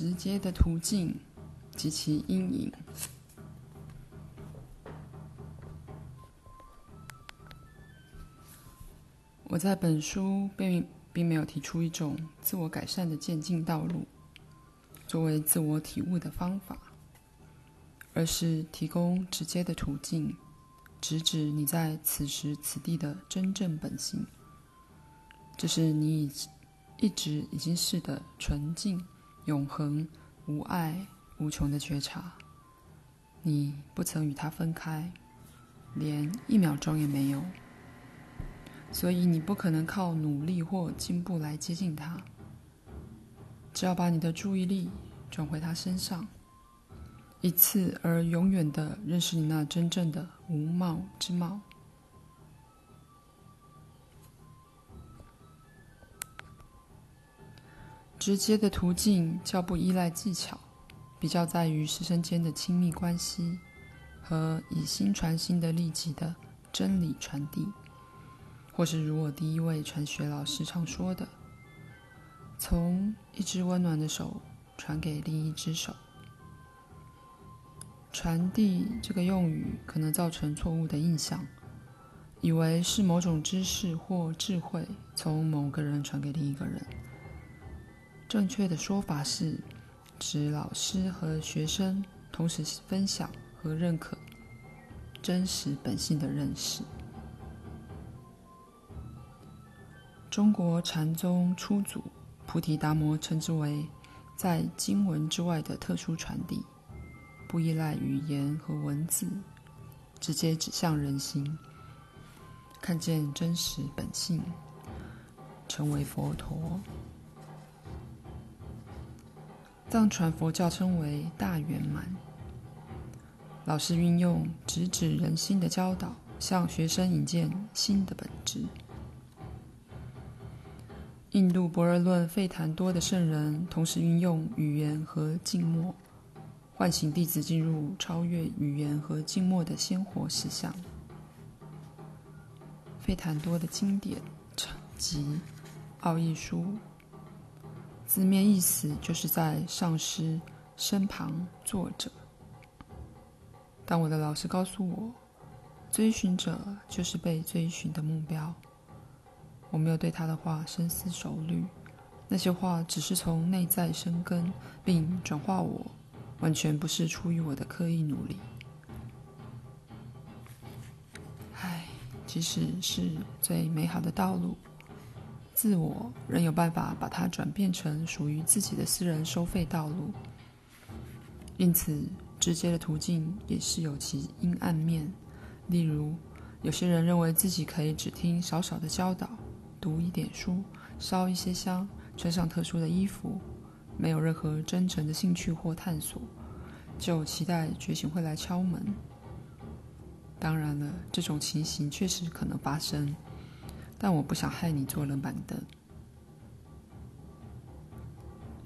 直接的途徑及其陰影。我在本書並並沒有提出一種自我改善的漸進道路，作為自我體悟的方法，而是提供直接的途徑，直指你在此時此地的真正本性，這是你一直已經是的純淨。永恆、無礙、無窮的覺察，你不曾與他分開，連一秒鐘也沒有。所以你不可能靠努力或進步來接近他。只要把你的注意力轉回他身上，一次而永遠地認識你那真正的無貌之貌。直接的途徑較不依賴技巧，比較在於師生間的親密關係和以心傳心的立即的真理傳遞，或是如我第一位傳學老師常說的：“從一隻溫暖的手傳給另一隻手。”傳遞這個用語可能造成錯誤的印象，以為是某種知識或智慧從某個人傳給另一個人。正確的說法是指老師和學生同時分享和認可真實本性的認識。中國禪宗初祖菩提達摩稱之為在經文之外的特殊傳遞，不依賴語言和文字，直接指向人心，看見真實本性，成為佛陀。藏傳佛教稱為大圓滿。老師運用直指人心的教導，向學生引薦心的本質。印度博爾論費坦多的聖人，同時運用語言和靜默，喚醒弟子進入超越語言和靜默的鮮活實相。費坦多的經典成集《奧義書》。字面意思就是在上師身旁坐着。但我的老師告訴我，追尋者就是被追尋的目標。我沒有對他的話深思熟慮，那些話只是從內在生根並轉化我，完全不是出於我的刻意努力。唉，即使是最美好的道路，自我仍有辦法把它轉變成屬於自己的私人收費道路，因此直接的途徑也是有其陰暗面。例如，有些人認為自己可以只聽少少的教導，讀一點書，燒一些香，穿上特殊的衣服，沒有任何真誠的興趣或探索，就期待覺醒會來敲門。當然了，這種情形確實可能發生。但我不想害你坐冷板凳。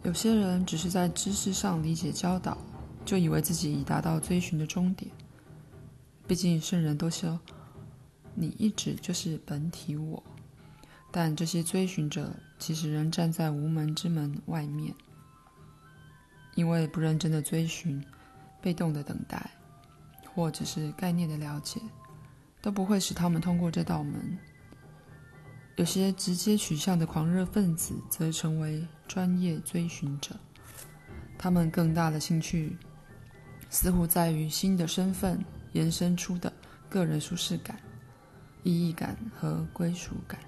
有些人只是在知識上理解教導，就以為自己已達到追尋的終點。畢竟聖人都說：“你一直就是本體我。”但這些追尋者其實仍站在無門之門外面，因為不認真的追尋、被動的等待，或者是概念的了解，都不會使他們通過這道門。有些直接取向的狂熱分子則成為專業追尋者，他們更大的興趣似乎在於新的身份延伸出的個人舒適感、意義感和歸屬感，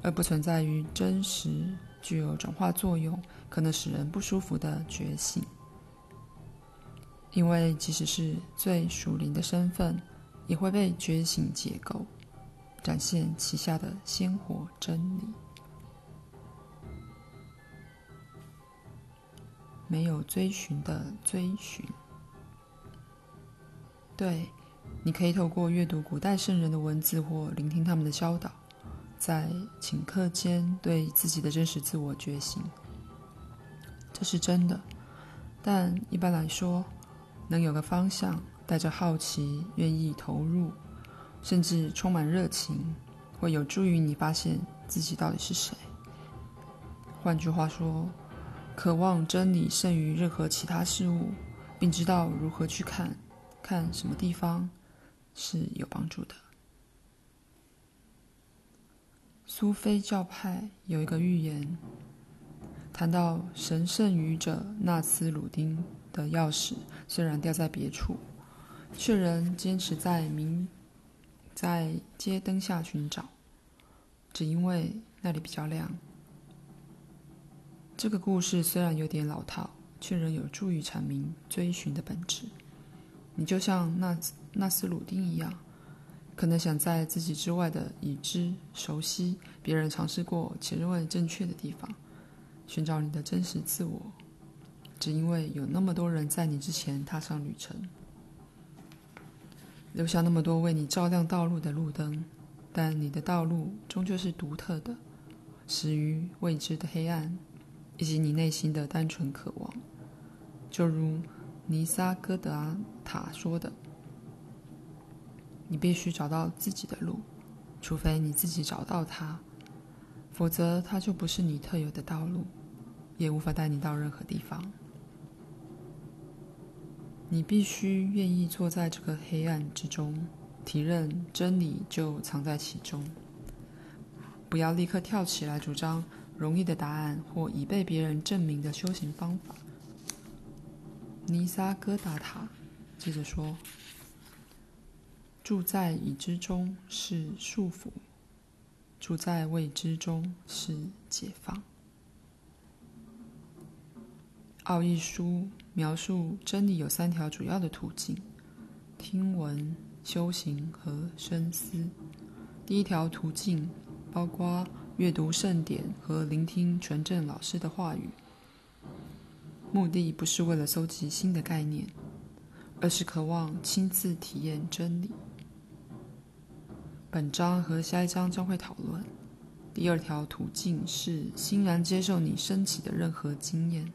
而不存在於真實具有轉化作用、可能使人不舒服的覺醒。因為即使是最屬靈的身份，也會被覺醒解構。展現其下的鮮活真理，沒有追尋的追尋。對，你可以透過閱讀古代聖人的文字或聆聽他們的教導，在頃刻間對自己的真實自我覺醒。這是真的，但一般來說，能有個方向，帶着好奇，願意投入。甚至充滿熱情，會有助於你發現自己到底是誰。換句話說，渴望真理勝於任何其他事物，並知道如何去看，看什麼地方是有幫助的。蘇菲教派有一個寓言，談到神聖愚者納斯魯丁的鑰匙雖然掉在別處，卻仍堅持在明。在街燈下尋找，只因為那裡比較亮。這個故事雖然有點老套，卻仍有助於闡明追尋的本質。你就像納納斯魯丁一樣，可能想在自己之外的已知、熟悉、別人嘗試過且認為正確的地方，尋找你的真實自我，只因為有那麼多人在你之前踏上旅程。留下那麼多為你照亮道路的路燈，但你的道路終究是獨特的，始於未知的黑暗，以及你內心的單純渴望。就如尼薩哥達塔說的：“你必須找到自己的路，除非你自己找到它，否則它就不是你特有的道路，也無法帶你到任何地方。”你必須願意坐在這個黑暗之中，體認真理就藏在其中。不要立刻跳起來主張容易的答案或已被別人證明的修行方法。尼撒戈達塔接着說：“住在已知中是束縛，住在未知中是解放。”《奧義書》描述真理有三條主要的途徑：聽聞、修行和深思。第一條途徑包括閱讀聖典和聆聽純正老師的話語，目的不是為了蒐集新的概念，而是渴望親自體驗真理。本章和下一章將會討論。第二條途徑是欣然接受你升起的任何經驗。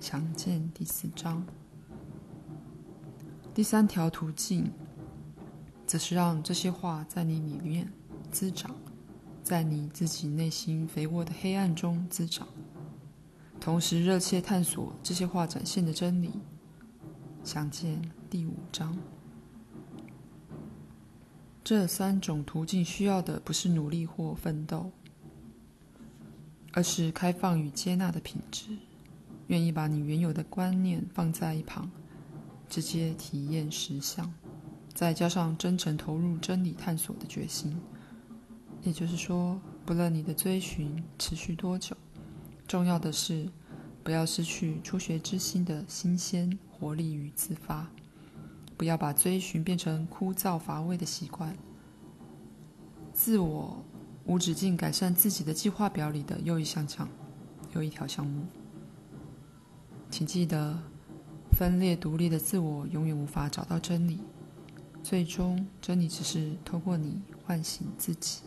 詳見第四章。第三條途徑，則是讓這些話在你裡面滋長，在你自己內心肥沃的黑暗中滋長，同時熱切探索這些話展現的真理。詳見第五章。這三種途徑需要的不是努力或奮鬥，而是開放與接納的品質。願意把你原有的觀念放在一旁，直接體驗實相，再加上真誠投入真理探索的決心。也就是說，不論你的追尋持續多久，重要的是不要失去初學之心的新鮮活力與自發，不要把追尋變成枯燥乏味的習慣，自我無止境改善自己的計劃表裡的又一項項，又一條項目。請記得，分裂獨立的自我永遠無法找到真理。最終，真理只是透過你喚醒自己。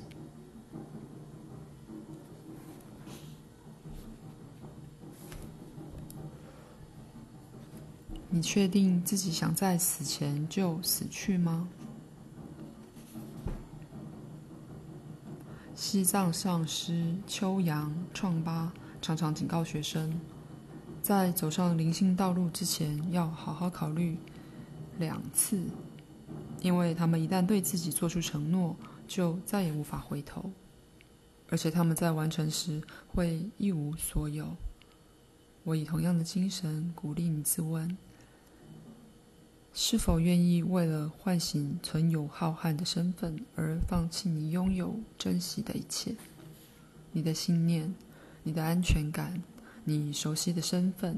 你確定自己想在死前就死去嗎？西藏上師秋揚創巴常常警告學生。在走上靈性道路之前，要好好考慮兩次，因為他們一旦對自己做出承諾，就再也無法回頭，而且他們在完成時會一無所有。我以同樣的精神鼓勵你自問：是否願意為了喚醒存有浩瀚的身份而放棄你擁有珍惜的一切？你的信念，你的安全感。你熟悉的身份，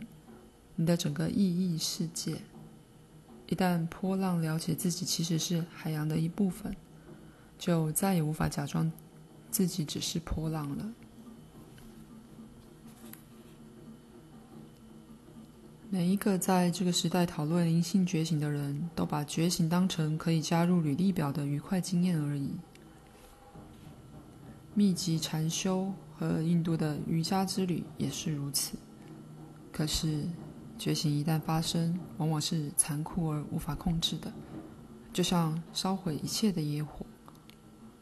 你的整個意義世界。一旦波浪了解自己其實是海洋的一部分，就再也無法假裝自己只是波浪了。每一個在這個時代討論靈性覺醒的人，都把覺醒當成可以加入履歷表的愉快經驗而已。密集禪修和印度的瑜伽之旅也是如此。可是，覺醒一旦發生，往往是殘酷而無法控制的，就像燒毀一切的野火。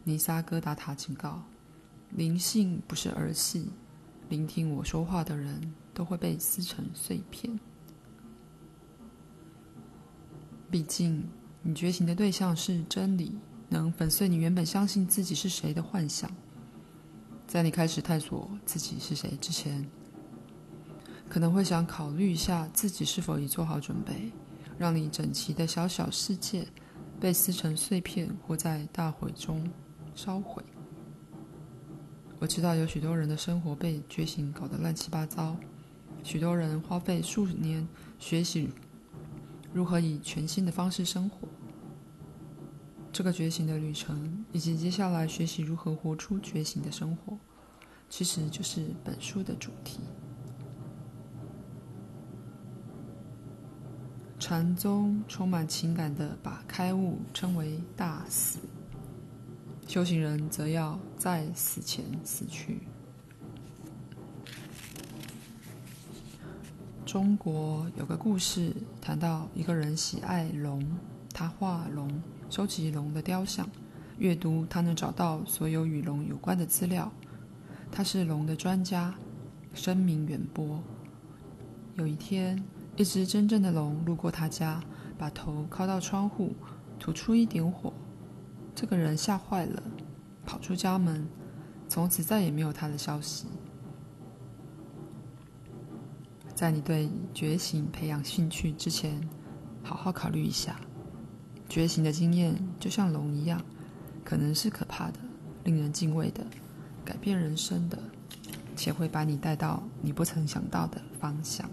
尼薩戈達塔警告：“靈性不是兒戲，聆聽我說話的人都會被撕成碎片。畢竟，你覺醒的對象是真理，能粉碎你原本相信自己是誰的幻想。”在你開始探索自己是誰之前，可能會想考慮一下自己是否已做好準備，讓你整齊的小小世界被撕成碎片，或在大火中燒毀。我知道有許多人的生活被覺醒搞得亂七八糟，許多人花費數年學習如何以全新的方式生活。這個覺醒的旅程，以及接下來學習如何活出覺醒的生活，其實就是本書的主題。禪宗充滿情感的把開悟稱為大死，修行人則要在死前死去。中國有個故事談到一個人喜愛龍。他畫龍，收集龍的雕像，閱讀他能找到所有與龍有關的資料。他是龍的專家，聲名遠播。有一天，一隻真正的龍路過他家，把頭靠到窗戶，吐出一點火。這個人嚇壞了，跑出家門，從此再也沒有他的消息。在你對覺醒培養興趣之前，好好考慮一下。覺醒的經驗就像龍一樣，可能是可怕的、令人敬畏的、改變人生的，且會把你帶到你不曾想到的方向。